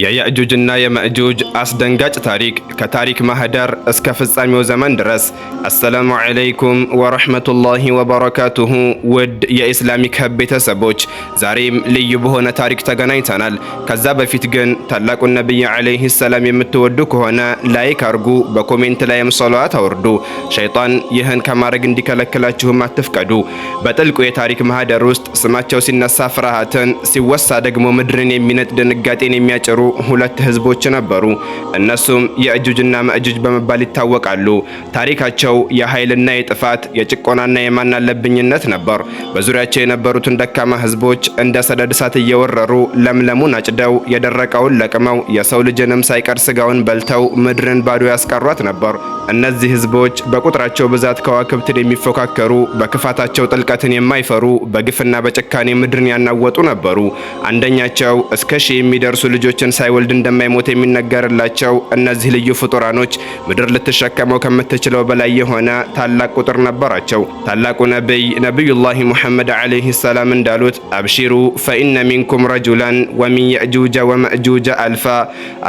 የያእጁጅና የመእጁጅ አስደንጋጭ ታሪክ ከታሪክ ማህደር እስከ ፍጻሜው ዘመን ድረስ። አሰላሙ ዓለይኩም ወረሕመቱላሂ ወበረካቱሁ። ውድ የኢስላሚክ ሀብ ቤተሰቦች ዛሬም ልዩ በሆነ ታሪክ ተገናኝተናል። ከዛ በፊት ግን ታላቁን ነቢይ ዓለይህ ሰላም የምትወዱ ከሆነ ላይክ አርጉ፣ በኮሜንት ላይም ሰሏት አውርዱ። ሸይጣን ይህን ከማድረግ እንዲከለክላችሁም አትፍቀዱ። በጥልቁ የታሪክ ማህደር ውስጥ ስማቸው ሲነሳ ፍርሃትን፣ ሲወሳ ደግሞ ምድርን የሚነጥ ድንጋጤን የሚያጭሩ ሁለት ህዝቦች ነበሩ። እነሱም የእጁጅና መእጁጅ በመባል ይታወቃሉ። ታሪካቸው የኃይልና የጥፋት የጭቆናና የማናለብኝነት ነበር። በዙሪያቸው የነበሩትን ደካማ ህዝቦች እንደ ሰደድ እሳት እየወረሩ ለምለሙን አጭደው የደረቀውን ለቅመው የሰው ልጅንም ሳይቀር ስጋውን በልተው ምድርን ባዶ ያስቀሯት ነበር። እነዚህ ህዝቦች በቁጥራቸው ብዛት ከዋክብትን የሚፎካከሩ፣ በክፋታቸው ጥልቀትን የማይፈሩ፣ በግፍና በጭካኔ ምድርን ያናወጡ ነበሩ። አንደኛቸው እስከ ሺህ የሚደርሱ ልጆችን ሳይወልድ እንደማይሞት የሚነገርላቸው እነዚህ ልዩ ፍጡራኖች ምድር ልትሸከመው ከምትችለው በላይ የሆነ ታላቅ ቁጥር ነበራቸው። ታላቁ ነቢይ ነቢዩላህ ሙሐመድ ዓለይሂ ሰላም እንዳሉት አብሽሩ ፈኢነ ሚንኩም ረጁላን ወሚን የእጁጀ ወመእጁጀ አልፋ።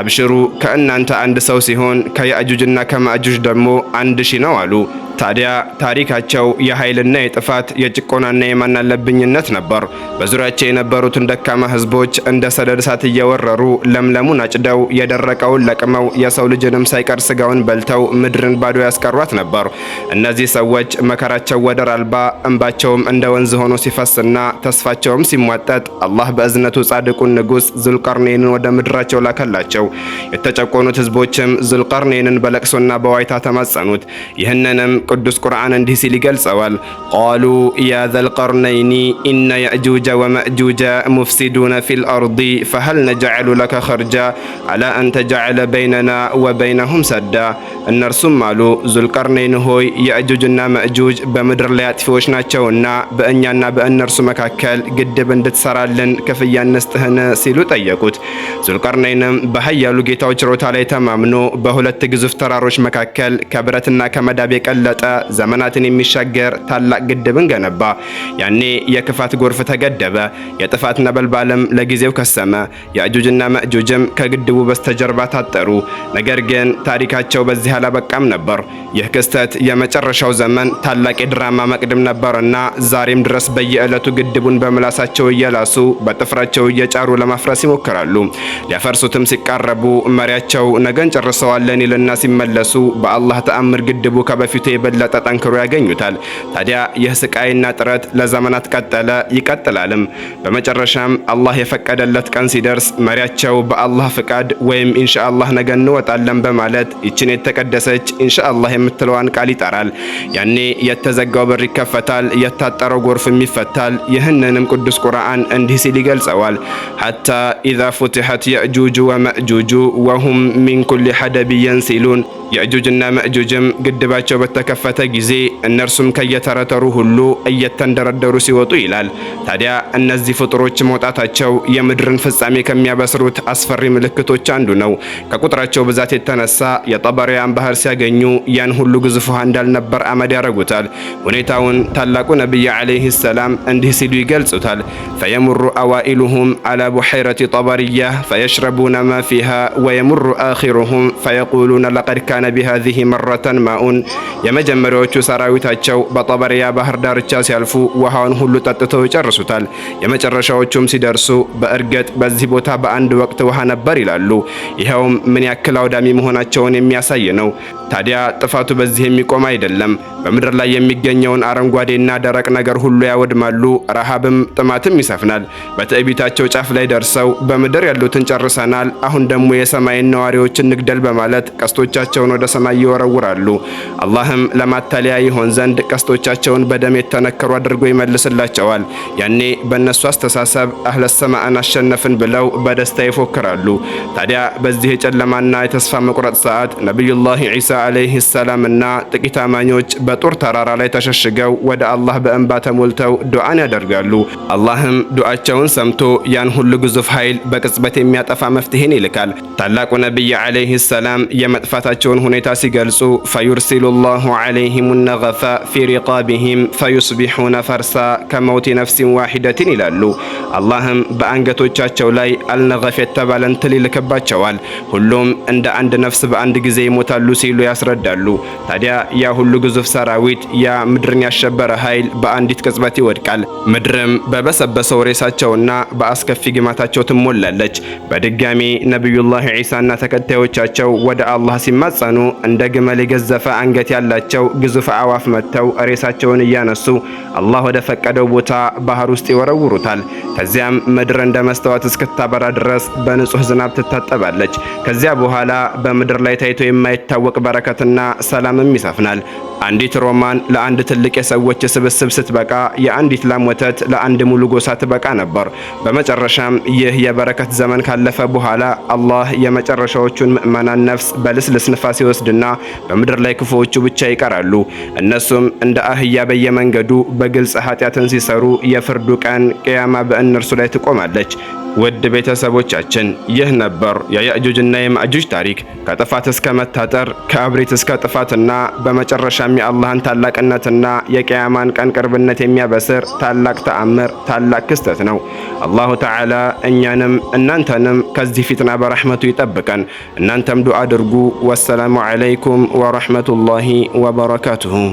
አብሽሩ ከእናንተ አንድ ሰው ሲሆን ከየእጁጅና ከመእጁጅ ደግሞ አንድ ሺ ነው አሉ። ታዲያ ታሪካቸው የኃይልና የጥፋት የጭቆናና የማናለብኝነት ነበር። በዙሪያቸው የነበሩትን ደካማ ህዝቦች እንደ ሰደድ እሳት እየወረሩ ለምለሙን አጭደው የደረቀውን ለቅመው የሰው ልጅንም ሳይቀር ስጋውን በልተው ምድርን ባዶ ያስቀሯት ነበር። እነዚህ ሰዎች መከራቸው ወደር አልባ፣ እንባቸውም እንደ ወንዝ ሆኖ ሲፈስና ተስፋቸውም ሲሟጠጥ አላህ በእዝነቱ ጻድቁን ንጉሥ ዙልቀርኔንን ወደ ምድራቸው ላከላቸው። የተጨቆኑት ህዝቦችም ዙልቀርኔንን በለቅሶና በዋይታ ተማጸኑት። ይህንንም ቅዱስ ቁርአን እንዲህ ሲል ይገልጸዋል። ቃሉ ያ ዘልቀርነይኒ ኢነ የእጁጀ ወመእጁጀ ሙፍሲዱነ ፊል አርዲ ፈሀል ነጀዐሉ ለከ ኸርጃ አላ አን በይነና ወበይነሁም ሰዳ። እነርሱም አሉ ዙልቀርነይን ሆይ የእጁጅና መእጁጅ በምድር ላይ አጥፊዎች ናቸውና በእኛና በእነርሱ መካከል ግድብ እንድትሰራልን ክፍያ እንስጥህን ሲሉ ጠየቁት። ዙልቀርነይንም በሀያሉ ጌታው ችሮታ ላይ ተማምኖ በሁለት ግዙፍ ተራሮች መካከል ከብረትና ከመዳብ የቀለጡ ያመለጠ ዘመናትን የሚሻገር ታላቅ ግድብን ገነባ። ያኔ የክፋት ጎርፍ ተገደበ፣ የጥፋት ነበልባልም ለጊዜው ከሰመ። ያእጁጅና መእጁጅም ከግድቡ በስተጀርባ ታጠሩ። ነገር ግን ታሪካቸው በዚህ አላበቃም ነበር። ይህ ክስተት የመጨረሻው ዘመን ታላቅ የድራማ መቅድም ነበርና ዛሬም ድረስ በየዕለቱ ግድቡን በምላሳቸው እየላሱ በጥፍራቸው እየጫሩ ለማፍረስ ይሞክራሉ። ሊያፈርሱትም ሲቃረቡ መሪያቸው ነገን ጨርሰዋለን ይልና ሲመለሱ በአላህ ተአምር ግድቡ ከበፊቱ የበለጠ ጠንክሮ ያገኙታል። ታዲያ ይህ ስቃይና ጥረት ለዘመናት ቀጠለ ይቀጥላልም። በመጨረሻም አላህ የፈቀደለት ቀን ሲደርስ መሪያቸው በአላህ ፍቃድ ወይም ኢንሻአላህ ነገ እንወጣለን በማለት ይችን የተቀደሰች ኢንሻአላህ የምትለዋን ቃል ይጠራል። ያኔ የተዘጋው በር ይከፈታል፣ የታጠረው ጎርፍም ይፈታል። ይህንንም ቅዱስ ቁርአን እንዲህ ሲል ይገልጸዋል። ሐታ ኢዛ ፉትሐት የእጁጁ ወመእጁጁ ወሁም ሚን ኩል ሐደብ የንሲሉን የእጁጅና መእጁጅም ግድባቸው በተከፈ fetha ጊዜ እነርሱም ከየተረተሩ ሁሉ እየተንደረደሩ ሲወጡ ይላል። ታዲያ እነዚህ ፍጡሮች መውጣታቸው የምድርን ፍጻሜ ከሚያበስሩት አስፈሪ ምልክቶች አንዱ ነው። ከቁጥራቸው ብዛት የተነሳ የጠበሪያን ባህር ሲያገኙ ያን ሁሉ ግዙፍ ውሃ እንዳልነበር አመድ ያደርጉታል። ሁኔታውን ታላቁ ነቢይ ዓለይህ ሰላም እንዲህ ሲሉ ይገልጹታል። ፈየሙሩ አዋኢሉሁም አላ ቡሐይረቲ ጠበርያ ፈየሽረቡነ ማ ፊሃ ወየሙሩ አኺሩሁም ፈየቁሉነ ለቀድ ካነ ቢሃዚህ መረተን ማኡን የመጀመሪያዎቹ ሰራ ሰራዊታቸው በጠበሪያ ባህር ዳርቻ ሲያልፉ ውሃውን ሁሉ ጠጥተው ይጨርሱታል። የመጨረሻዎቹም ሲደርሱ በእርግጥ በዚህ ቦታ በአንድ ወቅት ውሃ ነበር ይላሉ። ይኸውም ምን ያክል አውዳሚ መሆናቸውን የሚያሳይ ነው። ታዲያ ጥፋቱ በዚህ የሚቆም አይደለም። በምድር ላይ የሚገኘውን አረንጓዴና ደረቅ ነገር ሁሉ ያወድማሉ። ረሃብም ጥማትም ይሰፍናል። በትዕቢታቸው ጫፍ ላይ ደርሰው በምድር ያሉትን ጨርሰናል፣ አሁን ደግሞ የሰማይን ነዋሪዎችን ንግደል በማለት ቀስቶቻቸውን ወደ ሰማይ ይወረውራሉ። አላህም ለማታለያ ይሆን ዘንድ ቀስቶቻቸውን በደም የተነከሩ አድርጎ ይመልስላቸዋል። ያኔ በእነሱ አስተሳሰብ አህለ ሰማዕን አሸነፍን ብለው በደስታ ይፎክራሉ። ታዲያ በዚህ የጨለማና የተስፋ መቁረጥ ሰዓት ነቢዩላህ ዒሳ ዓለይህ ሰላምና ጥቂት አማኞች በጡር ተራራ ላይ ተሸሽገው ወደ አላህ በእንባ ተሞልተው ዱዓን ያደርጋሉ። አላህም ዱዓቸውን ሰምቶ ያን ሁሉ ግዙፍ ኃይል በቅጽበት የሚያጠፋ መፍትሄን ይልካል። ታላቁ ነቢይ ዓለይህ ሰላም የመጥፋታቸውን ሁኔታ ሲገልጹ ፈዩርሲሉ ላሁ ዓለይሂም ወቀፈ ፊ ሪቃቢሂም ፈዩስቢሑነ ፈርሳ ከመውቲ ነፍሲን ዋሂደትን ይላሉ። አላህም በአንገቶቻቸው ላይ አልነገፍ የተባለን ትል ይልክባቸዋል። ሁሉም እንደ አንድ ነፍስ በአንድ ጊዜ ይሞታሉ ሲሉ ያስረዳሉ። ታዲያ ያ ሁሉ ግዙፍ ሰራዊት፣ ያ ምድርን ያሸበረ ኃይል በአንዲት ቅጽበት ይወድቃል። ምድርም በበሰበሰው ሬሳቸውና በአስከፊ ግማታቸው ትሞላለች። በድጋሚ ነቢዩላህ ዒሳና ተከታዮቻቸው ወደ አላህ ሲማጸኑ እንደ ግመል የገዘፈ አንገት ያላቸው ግዙፍ አዋ አፍ መጥተው ሬሳቸውን እያነሱ አላህ ወደ ፈቀደው ቦታ ባህር ውስጥ ይወረውሩታል። ከዚያም ምድር እንደ መስተዋት እስክታበራ ድረስ በንጹህ ዝናብ ትታጠባለች። ከዚያ በኋላ በምድር ላይ ታይቶ የማይታወቅ በረከትና ሰላምም ይሰፍናል። አንዲት ሮማን ለአንድ ትልቅ የሰዎች ስብስብ ስትበቃ የአንዲት ላም ወተት ለአንድ ሙሉ ጎሳ ትበቃ ነበር። በመጨረሻም ይህ የበረከት ዘመን ካለፈ በኋላ አላህ የመጨረሻዎቹን ምዕመናን ነፍስ በልስልስ ንፋስ ይወስድና በምድር ላይ ክፉዎቹ ብቻ ይቀራሉ። እነሱም እንደ አህያ በየመንገዱ በግልጽ ኃጢአትን ሲሰሩ የፍርዱ ቀን ቅያማ በእነርሱ ላይ ትቆማለች። ውድ ቤተሰቦቻችን ይህ ነበር የያእጁጅና የማእጁጅ ታሪክ። ከጥፋት እስከ መታጠር፣ ከእብሪት እስከ ጥፋትና በመጨረሻም የአላህን ታላቅነትና የቅያማን ቀን ቅርብነት የሚያበስር ታላቅ ተአምር፣ ታላቅ ክስተት ነው። አላሁ ተዓላ እኛንም እናንተንም ከዚህ ፊትና በረሕመቱ ይጠብቀን። እናንተም ዱዓ አድርጉ። ወሰላሙ ዓለይኩም ወረሕመቱላሂ ወበረካቱሁ።